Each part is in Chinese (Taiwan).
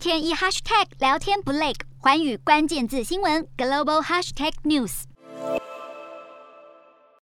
天一 hashtag 聊天不累，寰宇關鍵字新聞 global hashtag news。Has new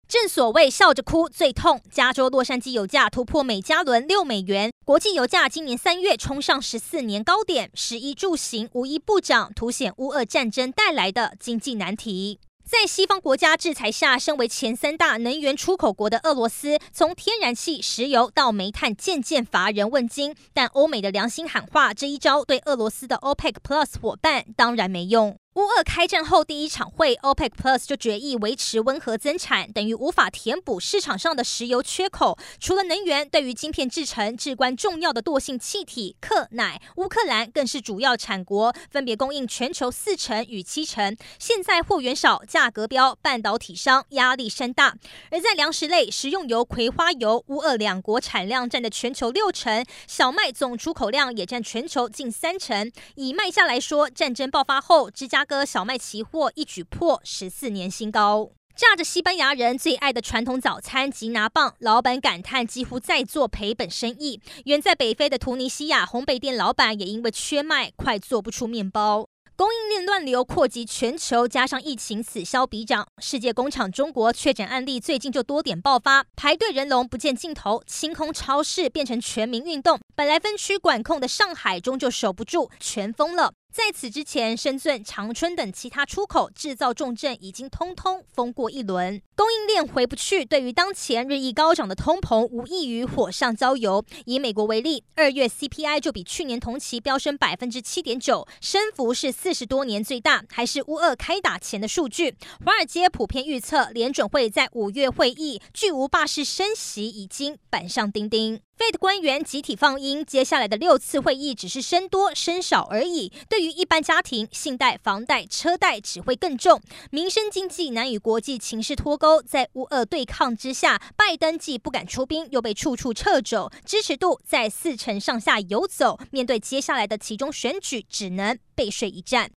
正所謂笑着哭最痛，加州洛杉磯油價突破每加侖六美元，國際油價今年三月衝上十四年高點，食衣住行無一不漲，凸顯烏俄戰爭帶來的經濟難題。在西方國家制裁下，身為前三大能源出口國的俄羅斯，從天然氣、石油到煤炭，漸漸乏人問津。但歐美的良心喊話，這一招對俄羅斯的 OPEC Plus 夥伴當然沒用。烏俄開戰後第一場會，OPEC Plus 就決議維持溫和增產，等於無法填補市場上的石油缺口。除了能源，對於晶片製程至關重要的惰性氣體氪、氖，烏克蘭更是主要產國，分別供應全球四成與七成。現在貨源少，價格飆，半導體商壓力山大。而在糧食類，食用油葵花油，烏俄兩國產量占的全球六成；小麥總出口量也占全球近三成。以麥價來說，戰爭爆發後，芝加哥哥，小麥期貨一舉破十四年新高，炸着西班牙人最愛的傳統早餐吉拿棒。老闆感嘆，幾乎在做賠本生意。遠在北非的突尼西亞烘焙店老闆也因為缺麥，快做不出麵包。供應鏈亂流擴及全球，加上疫情此消彼長，世界工廠中國確診案例最近就多點爆發，排隊人龍不見盡頭，清空超市變成全民運動。本來分區管控的上海終究守不住，全封了。在此之前，深圳、長春等其他出口製造重鎮已經通通封過一輪，供應鏈回不去，對於當前日益高漲的通膨，無異於火上澆油。以美國為例，二月 CPI 就比去年同期飆升百分之七點九，升幅是四十多年最大，還是烏俄開打前的數據。華爾街普遍預測，聯準會在五月會議巨無霸式升息已經板上釘釘。Fed 官員集體放鷹，接下來的六次會議只是升多升少而已。對於一般家庭，信貸、房貸、車貸只會更重。民生經濟難與國際情勢脫鈎，在烏俄對抗之下，拜登既不敢出兵，又被處處掣肘，支持度在四成上下游走。面對接下來的期中選舉，只能背水一戰。